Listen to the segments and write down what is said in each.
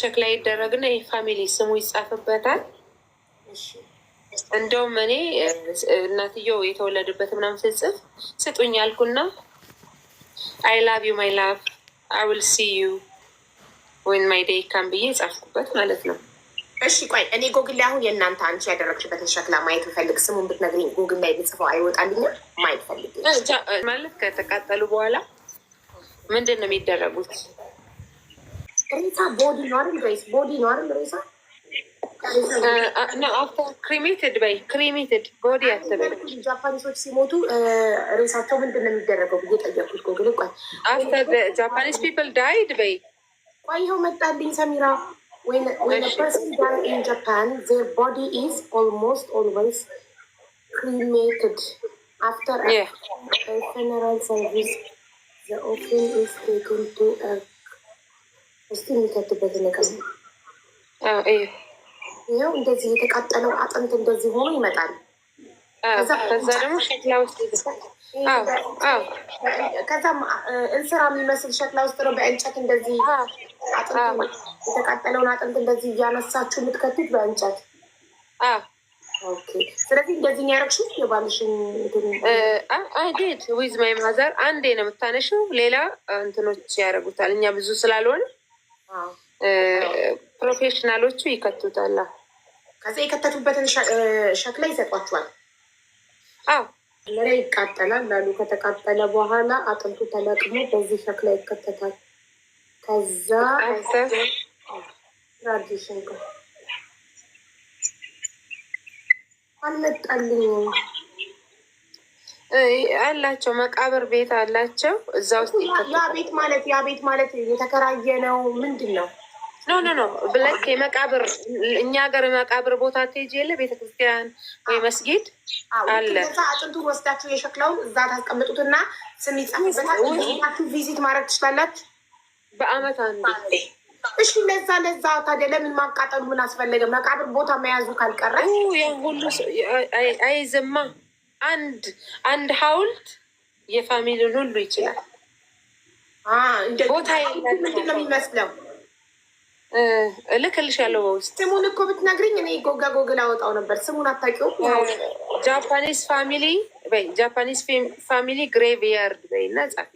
ሸክላ ይደረግና የፋሚሊ ስሙ ይጻፍበታል። እንደውም እኔ እናትየው የተወለደበት ምናም ስጽፍ ስጡኝ ያልኩና አይ ላቭ ዩ ማይ ላቭ አይ ዊል ሲ ዩ ወይን ማይ ደይ ካም ብዬ የጻፍኩበት ማለት ነው። እሺ ቆይ እኔ ጎግል ላይ አሁን የእናንተ አንቺ ያደረግሽበትን ሸክላ ማየት ብፈልግ ስሙን ብትነግሪኝ ጎግል ላይ ብጽፈው አይወጣልኛ። ማየት ፈልግ ማለት ከተቃጠሉ በኋላ ምንድን ነው የሚደረጉት? Rita, uh, uh, cremated by cremated body uh, After the Japanese people died by. When, when a person died in Japan, their body is almost always cremated. After a yeah. funeral service, the offering is taken to a እስቲ ነገር ነው። ይኸው እንደዚህ የተቃጠለው አጥንት እንደዚህ ሆኖ ይመጣል። ከዛም እንስራ የሚመስል ሸክላ ውስጥ ነው በእንጨት እንደዚህ የተቃጠለውን አጥንት እንደዚህ እያነሳችሁ የምትከቱት በእንጨት። ስለዚህ እንደዚህ ያረግሽ የባልሽን አይዴድ ዊዝ ማይ ማዘር አንዴ ነው የምታነሽው። ሌላ እንትኖች ያደርጉታል እኛ ብዙ ስላልሆነ ፕሮፌሽናሎቹ ይከቱታል። ከዚ የከተቱበትን ሸክላ ይሰጧቸዋል። አዎ ይቃጠላል ላሉ ከተቃጠለ በኋላ አጥንቱ ተለቅሞ በዚህ ሸክላ ይከተታል። ከዛ ትራዲሽን አልመጣልኝም አላቸው መቃብር ቤት አላቸው። እዛ ውስጥ ያ ቤት ማለት ያ ቤት ማለት የተከራየ ነው ምንድን ነው? ኖ ኖ ኖ ብለክ የመቃብር እኛ ሀገር የመቃብር ቦታ ትሄጂ የለ ቤተክርስቲያን ወይ መስጊድ አለ። አጥንቱ ወስዳችሁ የሸክለውን እዛ ታስቀምጡትና ስም ይጻፍበታችሁ ቪዚት ማድረግ ትችላላችሁ በአመት አንዴ። እሺ ለዛ ለዛ ታዲያ ለምን ማቃጠሉ ምን አስፈለገ? መቃብር ቦታ መያዙ ካልቀረ ሁሉ አይዘማ አንድ አንድ ሀውልት የፋሚሊን ሁሉ ይችላል። ቦታ ምንድን ነው የሚመስለው? እልክልሻለሁ በውስጥ ስሙን እኮ ብትነግሪኝ እኔ ጎጋ ጎግል አወጣው ነበር። ስሙን አታውቂውም? ጃፓኒስ ፋሚሊ በይ፣ ጃፓኒስ ፋሚሊ ግሬቭያርድ በይ እና ጻፊ።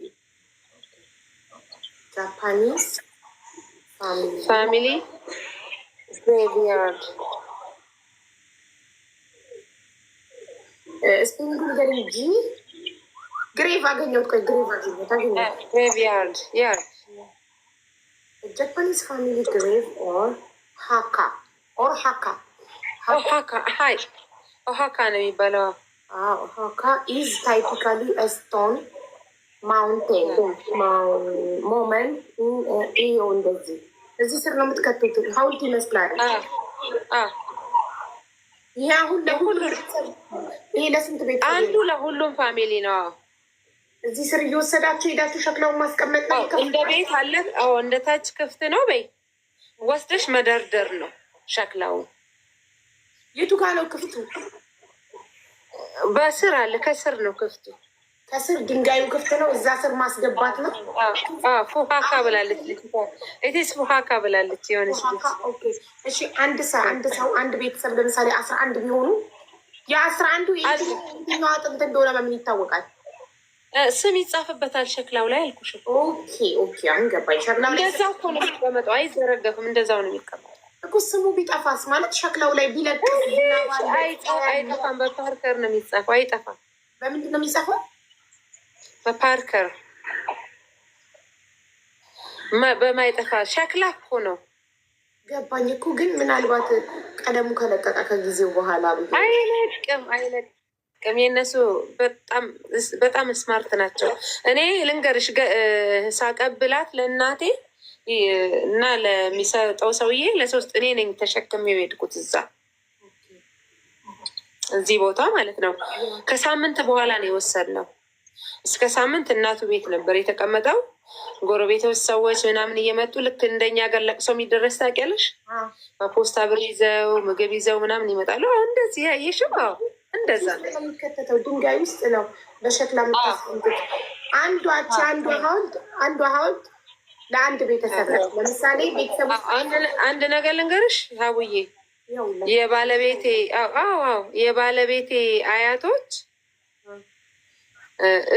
ጃፓኒስ ፋሚሊ ግሬቭያርድ ስፔሊንግ ነገር እንጂ ግሬቭ አገኘሁት። ቆይ ግሬቭ አገኘሁት አገኘሁት ግሬቭ ያርድ ያርድ ጃፓኒዝ ፋሚሊ ግሬቭ ኦር ሀካ ኦር ሀካ ኦሃካ ሀይ ኦሃካ ነው የሚባለው። ኦሃካ ኢዝ ታይፒካሊ ስቶን ማውንቴን ሞመን ይኸው እንደዚህ እዚህ ስር ነው የምትከቱት ሀውልት ይመስላል። አንዱ ለሁሉም ፋሚሊ ነው። እዚህ ስር እየወሰዳችሁ ሄዳችሁ ሸክላውን ማስቀመጥ ነው። እንደ ቤት አለ። አዎ እንደ ታች ክፍት ነው። በይ ወስደሽ መደርደር ነው። ሸክላው የቱ ጋ ነው ክፍቱ? በስር አለ። ከስር ነው ክፍቱ። ከስር ድንጋዩ ክፍት ነው። እዛ ስር ማስገባት ነው። ፉካካ ብላለች። ኢትስ ፉካካ ብላለች። የሆነች እሺ፣ አንድ ሰው አንድ ሰው አንድ ቤተሰብ ለምሳሌ አስራ አንድ ቢሆኑ የአስራ አንዱ የትኛዋ ጥንት እንደሆነ በምን ይታወቃል? ስም ይጻፍበታል። ሸክላው ላይ አልኩሽ። ኦኬ ኦኬ፣ አንገባኝ። ሸክላው ላይ እንደዛው እኮ ነው የሚቀመጠው። አይዘረገፍም። እንደዛው ነው የሚቀመጠው እኮ ስሙ ቢጠፋስ ማለት ሸክላው ላይ ቢለቅ አይጠፋም። በፓርከር ነው የሚጻፈው። አይጠፋም። በምንድን ነው የሚጻፈው? በፓርከር በማይጠፋ ሸክላ እኮ ነው። ገባኝ እኮ ግን ምናልባት ቀለሙ ከለቀቀ ከጊዜው በኋላ አይለቅም አይለቅም። የእነሱ በጣም ስማርት ናቸው። እኔ ልንገርሽ ሳቀብላት ለእናቴ እና ለሚሰጠው ሰውዬ ለሶስት እኔ ነኝ ተሸክሜው የሄድኩት እዛ እዚህ ቦታ ማለት ነው። ከሳምንት በኋላ ነው የወሰድነው። እስከ ሳምንት እናቱ ቤት ነበር የተቀመጠው። ጎረቤቶች ሰዎች ምናምን እየመጡ ልክ እንደኛ ሀገር ለቅሶ የሚደረስ ታውቂያለሽ? ፖስታ ብር ይዘው ምግብ ይዘው ምናምን ይመጣሉ። እንደዚህ ያየሽው እንደዛ የሚከተተው ድንጋይ ውስጥ ነው በሸክላ ምታስቀምጡት። አንዷ አንዷ ሀውልት አንዷ ሀውልት ለአንድ ቤተሰብ ለምሳሌ ቤተሰብ አንድ ነገር ልንገርሽ ሀቡዬ የባለቤቴ የባለቤቴ አያቶች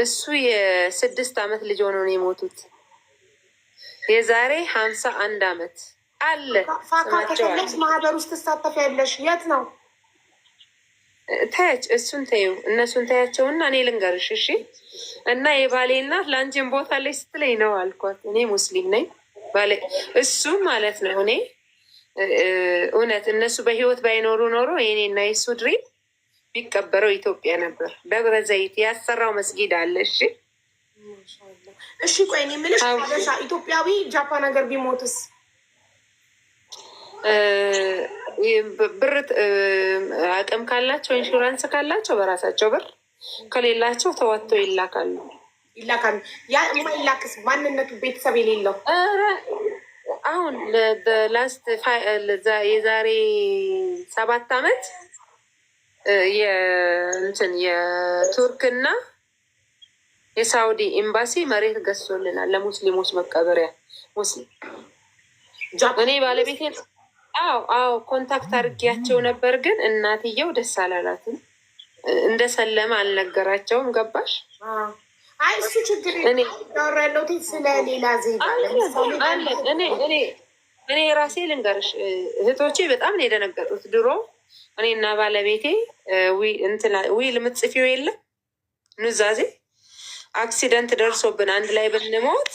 እሱ የስድስት ዓመት ልጅ ሆኖ ነው የሞቱት። የዛሬ ሀምሳ አንድ ዓመት አለ ማህበር ውስጥ ትሳተፍ ያለሽ የት ነው? ታያች እሱን ተዩ እነሱን ታያቸውና እኔ ልንገርሽ እሺ። እና የባሌ እናት ለአንቺን ቦታ ላይ ስትለኝ ነው አልኳት። እኔ ሙስሊም ነኝ ባሌ እሱ ማለት ነው እኔ እውነት እነሱ በህይወት ባይኖሩ ኖሮ የኔና የሱ ድሪም ቢቀበረው ኢትዮጵያ ነበር። ደብረ ዘይት ያሰራው መስጊድ አለ። እሺ፣ እሺ። ቆይ እኔ የምልሽ ኢትዮጵያዊ ጃፓን ሀገር ቢሞትስ ብር አቅም ካላቸው ኢንሹራንስ ካላቸው በራሳቸው ብር፣ ከሌላቸው ተዋቶ ይላካሉ ይላካሉ። ያ የማይላክስ ማንነቱ ቤተሰብ የሌለው አሁን ላስት የዛሬ ሰባት አመት የቱርክ የቱርክና የሳውዲ ኤምባሲ መሬት ገዝቶልናል ለሙስሊሞች መቀበሪያ። ሙስሊም እኔ ባለቤቴ አዎ አዎ ኮንታክት አድርጊያቸው ነበር፣ ግን እናትየው ደስ አላላትም። ሰለመ አልነገራቸውም። ገባሽ? አይ እሱ ችግር ያወራለሁት ስለሌላ ዜጋ እኔ ራሴ ልንገርሽ፣ እህቶቼ በጣም ነው የደነገጡት ድሮ እኔ እና ባለቤቴ ዊል ልምጽፊው የለም ኑዛዜ አክሲደንት ደርሶብን አንድ ላይ ብንሞት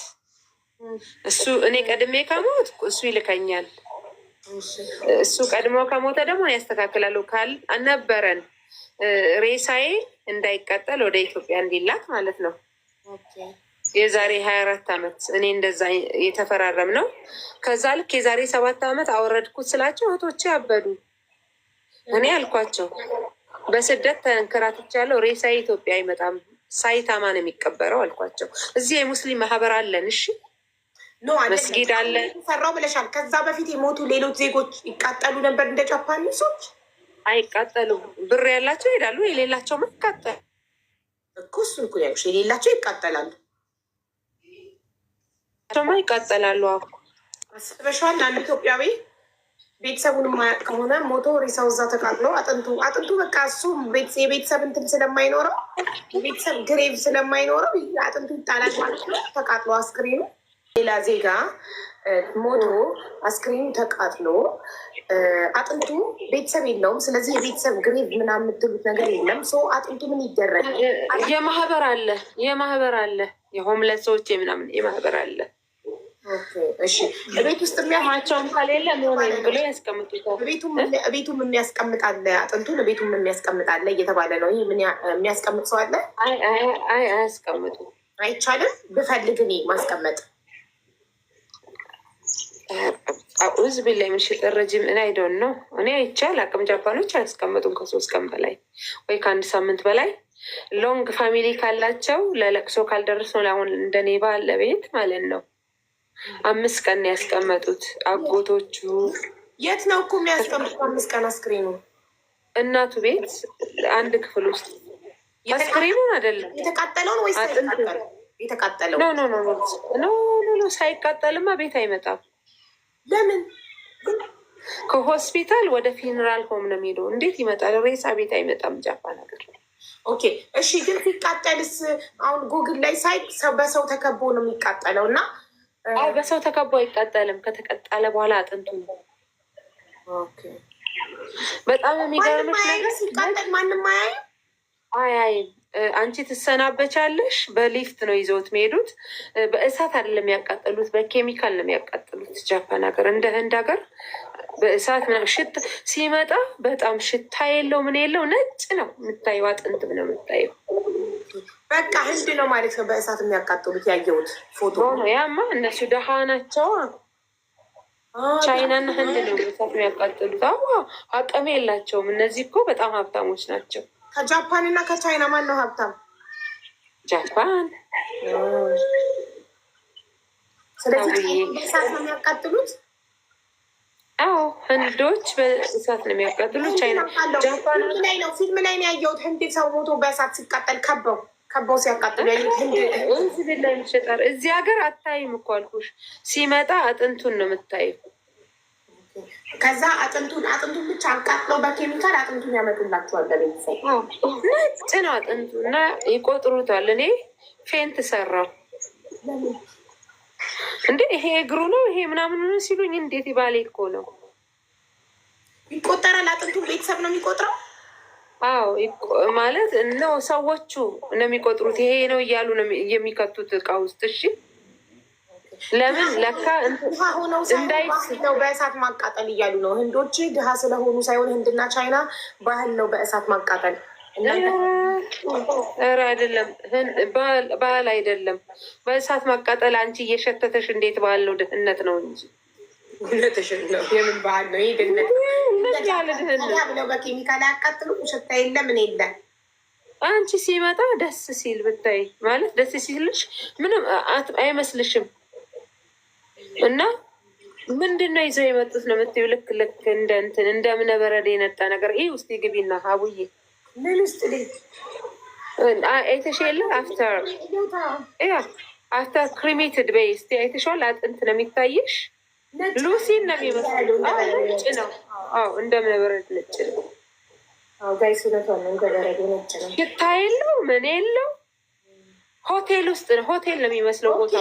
እሱ እኔ ቀድሜ ከሞት እሱ ይልከኛል። እሱ ቀድሞ ከሞተ ደግሞ ያስተካክላሉ። ካል አነበረን ሬሳዬ እንዳይቀጠል ወደ ኢትዮጵያ እንዲላክ ማለት ነው። የዛሬ ሀያ አራት አመት እኔ እንደዛ የተፈራረም ነው። ከዛ ልክ የዛሬ ሰባት አመት አወረድኩት ስላቸው እህቶቼ አበዱ። እኔ አልኳቸው በስደት ተንከራትቻለሁ። ሬሳ ኢትዮጵያ አይመጣም፣ ሳይታማ ነው የሚቀበረው አልኳቸው። እዚህ የሙስሊም ማህበር አለን። እሺ መስጊድ አለን ሰራው ብለሻል። ከዛ በፊት የሞቱ ሌሎች ዜጎች ይቃጠሉ ነበር እንደ ጃፓን ሰዎች። አይቃጠሉም። ብር ያላቸው ይሄዳሉ፣ የሌላቸውማ ይቃጠል እኮ እሱን እኮ ያልኩሽ። የሌላቸው ይቃጠላሉ፣ ይቃጠላሉ። አስበሽዋል አንድ ኢትዮጵያዊ ቤተሰቡን ማያቅ ከሆነ ሞቶ ሬሳው እዛ ተቃጥሎ አጥንቱ አጥንቱ በቃ እሱ የቤተሰብ እንትን ስለማይኖረው የቤተሰብ ግሬቭ ስለማይኖረው አጥንቱ ይጣላል ማለት ነው። ተቃጥሎ አስክሬኑ ሌላ ዜጋ ሞቶ አስክሬኑ ተቃጥሎ አጥንቱ ቤተሰብ የለውም። ስለዚህ የቤተሰብ ግሬቭ ምናምን የምትሉት ነገር የለም። ሰው አጥንቱ ምን ይደረግ? የማህበር አለ የማህበር አለ የሆምለት ሰዎች ምናምን የማህበር አለ ቤት ውስጥ የሚያማቸውም ከሌለ ሆነ ብሎ ያስቀምጡታል። ቤቱም የሚያስቀምጣለ አጥንቱን ቤቱም የሚያስቀምጣለ እየተባለ ነው። ይህ የሚያስቀምጥ ሰው አለ? አያስቀምጡ አይቻልም። ብፈልግ እኔ ማስቀመጥ አዑዝ ቢላ የምንሽጥ ረጅም እኔ አይደን ነው እኔ አይቻል አቅም ጃፓኖች አያስቀምጡም ከሶስት ቀን በላይ ወይ ከአንድ ሳምንት በላይ ሎንግ ፋሚሊ ካላቸው ለለቅሶ ካልደረስ አሁን እንደኔ ባለቤት ማለት ነው አምስት ቀን ያስቀመጡት አጎቶቹ። የት ነው እኮ የሚያስቀምጡት? አምስት ቀን አስክሬኑ እናቱ ቤት አንድ ክፍል ውስጥ አስክሬኑን አይደለም የተቃጠለውን የተቃጠለው ኖ ሳይቃጠልማ ቤት አይመጣም። ለምን ከሆስፒታል ወደ ፊነራል ሆም ነው የሚሄደው? እንዴት ይመጣል? ሬሳ ቤት አይመጣም ጃፓን ነገር ኦኬ እሺ፣ ግን ሲቃጠልስ አሁን ጉግል ላይ ሳይ በሰው ተከቦ ነው የሚቃጠለው እና አይ በሰው ተከቦ አይቃጠልም። ከተቀጣለ በኋላ አጥንቱ በጣም የሚገርምሽ ነገር ሲቃጠል ማንም አያይም አንቺ ትሰናበቻለሽ። በሊፍት ነው ይዘውት የሚሄዱት። በእሳት አይደለም የሚያቃጥሉት፣ በኬሚካል ነው የሚያቃጥሉት። ጃፓን ሀገር እንደ ህንድ ሀገር በእሳት ሽታ ሲመጣ በጣም ሽታ የለው ምን የለው ነጭ ነው የምታየው፣ አጥንት ነው የምታየው። በቃ ህንድ ነው ማለት ነው። በእሳት የሚያቃጥሉት ያየሁት ፎቶ። ያማ እነሱ ደሃ ናቸው። ቻይናና ህንድ ነው በእሳት የሚያቃጥሉት። አቅም የላቸውም። እነዚህ እኮ በጣም ሀብታሞች ናቸው። ከጃፓን እና ከቻይና ማን ነው ሀብታም? ጃፓን። ስለዚህ በእሳት ነው የሚያቃጥሉት። አዎ ህንዶች በእሳት ነው የሚያቃጥሉት። ቻይና ጃፓን ላይ ነው ፊልም ላይ ነው ያየሁት። ህንድ ሰው ሞቶ በእሳት ሲቃጠል ከበው ከቦ ሲያቃጥሉ እንዝብል ላይ ምሸጣር እዚህ ሀገር አታይም እኮ አልኩሽ። ሲመጣ አጥንቱን ነው የምታይ። ከዛ አጥንቱን አጥንቱን ብቻ አቃጥለው በኬሚካል አጥንቱን ያመጡላቸዋል። ለቤተሰብ ነጭ ነው አጥንቱ እና ይቆጥሩታል። እኔ ፌንት ሰራው እንዴ ይሄ እግሩ ነው ይሄ ምናምን ሲሉኝ እንዴት ባሌ እኮ ነው ይቆጠራል። አጥንቱን ቤተሰብ ነው የሚቆጥረው አዎ ማለት ነው። ሰዎቹ ነው የሚቆጥሩት። ይሄ ነው እያሉ የሚከቱት እቃ ውስጥ። እሺ ለምን ለካ ነው በእሳት ማቃጠል እያሉ ነው። ህንዶች ድሃ ስለሆኑ ሳይሆን ህንድና ቻይና ባህል ነው በእሳት ማቃጠል። ኧረ አይደለም፣ ባህል አይደለም በእሳት ማቃጠል። አንቺ እየሸተተሽ እንዴት ባለው ነው? ድህነት ነው እንጂ እውነትሽን ነው። አንቺ ሲመጣ ደስ ሲል ብታይ ማለት ደስ ሲልሽ ምንም አይመስልሽም። እና ምንድን ነው ይዘው የመጡት ነው የምትይው። ልክ ልክ እንደ እንትን እንደ እምነ የነጣ ነገር ይህ ውስጥ ግቢና አቡዬ ምን ውስጥ ልጅ አይተሽለ አፍተር አፍተር ክሪሜትድ በይ እስኪ አይተሽዋል። አጥንት ነው የሚታይሽ ሉሲን ነው የሚመስለው። ነው፣ እንደ ነጭ ነው። ሽታ የለው ምን የለው። ሆቴል ውስጥ ነው፣ ሆቴል ነው የሚመስለው ቦታ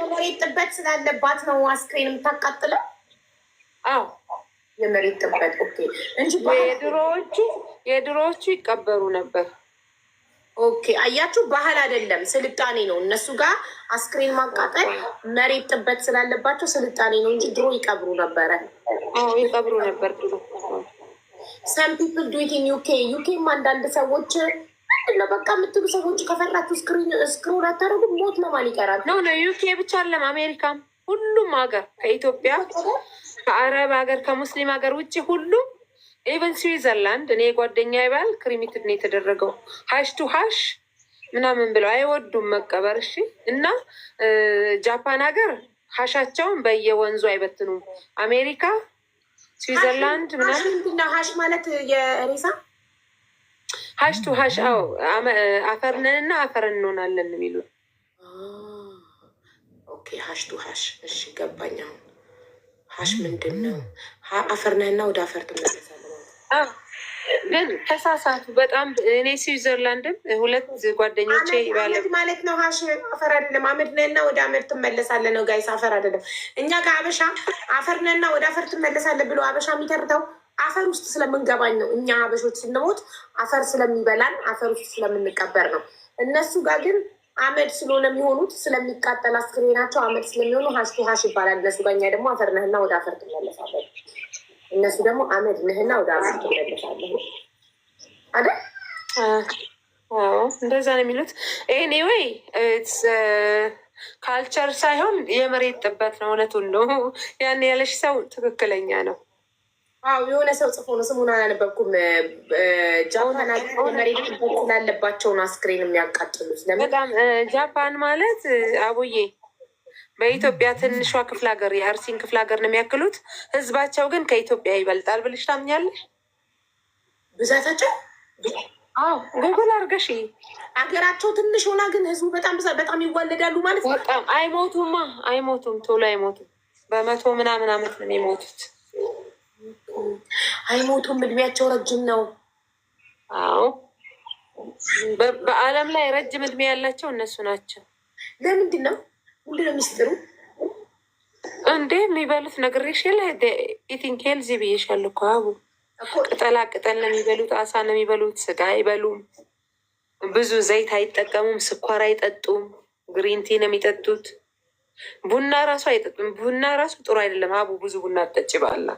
የመሬት ጥበት ስላለባት ነው አስክሬን የምታቃጥለው። አዎ የመሬት ጥበት እንጂ የድሮዎቹ የድሮዎቹ ይቀበሩ ነበር። ኦኬ አያችሁ፣ ባህል አይደለም ስልጣኔ ነው። እነሱ ጋር አስክሬን ማቃጠል መሬት ጥበት ስላለባቸው ስልጣኔ ነው እንጂ ድሮ ይቀብሩ ነበረ ይቀብሩ ነበር። ሰም ፒፕል ዱቲን ዩኬ ዩኬም አንዳንድ ሰዎች ምንድነው በቃ የምትሉ ሰዎች ከፈራችሁ ስክሮል አታደርጉም። ሞት ለማን ይቀራል? ነው ነው ዩኬ ብቻ አለም፣ አሜሪካም፣ ሁሉም ሀገር ከኢትዮጵያ ከአረብ ሀገር ከሙስሊም ሀገር ውጭ ሁሉም ኢቨን ስዊዘርላንድ እኔ ጓደኛ ይባል ክሪሚትድ ነው የተደረገው ሀሽ ቱ ሀሽ ምናምን ብለው አይወዱም መቀበር። እሺ እና ጃፓን ሀገር ሀሻቸውን በየወንዙ አይበትኑም። አሜሪካ፣ ስዊዘርላንድ ምናምን ሀሽ ማለት የሬሳ ሀሽ ቱ ሀሽ አፈርነን አፈርነንና አፈር እንሆናለን የሚሉ ሀሽ ቱ ሀሽ። እሺ ገባኝ። አሁን ሀሽ ምንድን ነው? አፈርነህና ወደ አፈር ትመለሳለን። ግን ተሳሳቱ በጣም እኔ ስዊዘርላንድም ሁለት ጓደኞቼ ባለ ማለት ነው ሀሽ አፈር አይደለም አመድ ወደ አመድ ትመለሳለ ነው ጋይስ አፈር አይደለም እኛ ጋር አበሻ አፈር ወደ አፈር ትመለሳለ ብሎ አበሻ የሚተርተው አፈር ውስጥ ስለምንገባኝ ነው እኛ አበሾች ስንሞት አፈር ስለሚበላን አፈር ውስጥ ስለምንቀበር ነው እነሱ ጋር ግን አመድ ስለሆነ የሚሆኑት ስለሚቃጠል አስክሬናቸው አመድ ስለሚሆኑ ሀሽ ሀሽ ይባላል እነሱ ጋር እኛ ደግሞ አፈር ነህና ወደ አፈር ትመለሳለን። እነሱ ደግሞ አመድ ነህና ወደ አመድ ትመለሳለህ አይደል? እንደዛ ነው የሚሉት። ኤኒዌይ ካልቸር ሳይሆን የመሬት ጥበት ነው። እውነቱን ነው። ያን ያለሽ ሰው ትክክለኛ ነው። አዎ የሆነ ሰው ጽፎ ነው፣ ስሙን አላነበብኩም። ጃፓን መሬት አስክሬን የሚያቃጥሉት። በጣም ጃፓን ማለት አቡዬ በኢትዮጵያ ትንሿ ክፍለ ሀገር የአርሲን ክፍለ ሀገር ነው የሚያክሉት። ህዝባቸው ግን ከኢትዮጵያ ይበልጣል ብልሽ ታምኛለሽ? ብዛታቸው ጉግል አርገሽ አገራቸው ትንሽ ሆና ግን ህዝቡ በጣም በጣም ይዋለዳሉ ማለት ነው። በጣም አይሞቱማ፣ አይሞቱም፣ ቶሎ አይሞቱም። በመቶ ምናምን አመት ነው የሞቱት። አይሞቱም፣ እድሜያቸው ረጅም ነው። አዎ በአለም ላይ ረጅም እድሜ ያላቸው እነሱ ናቸው። ለምንድን ነው ሁሉ ምስጢሩ እንዴ የሚበሉት ነግሬሽ የለ ኢቲንግ ሄልዚ ብዬሻለሁ እኮ አቡ ቅጠላ ቅጠል ነው የሚበሉት፣ አሳ ነው የሚበሉት፣ ስጋ አይበሉም፣ ብዙ ዘይት አይጠቀሙም፣ ስኳር አይጠጡም፣ ግሪንቲ ነው የሚጠጡት። ቡና ራሱ አይጠጡም። ቡና ራሱ ጥሩ አይደለም አቡ። ብዙ ቡና አጠጭ ባላ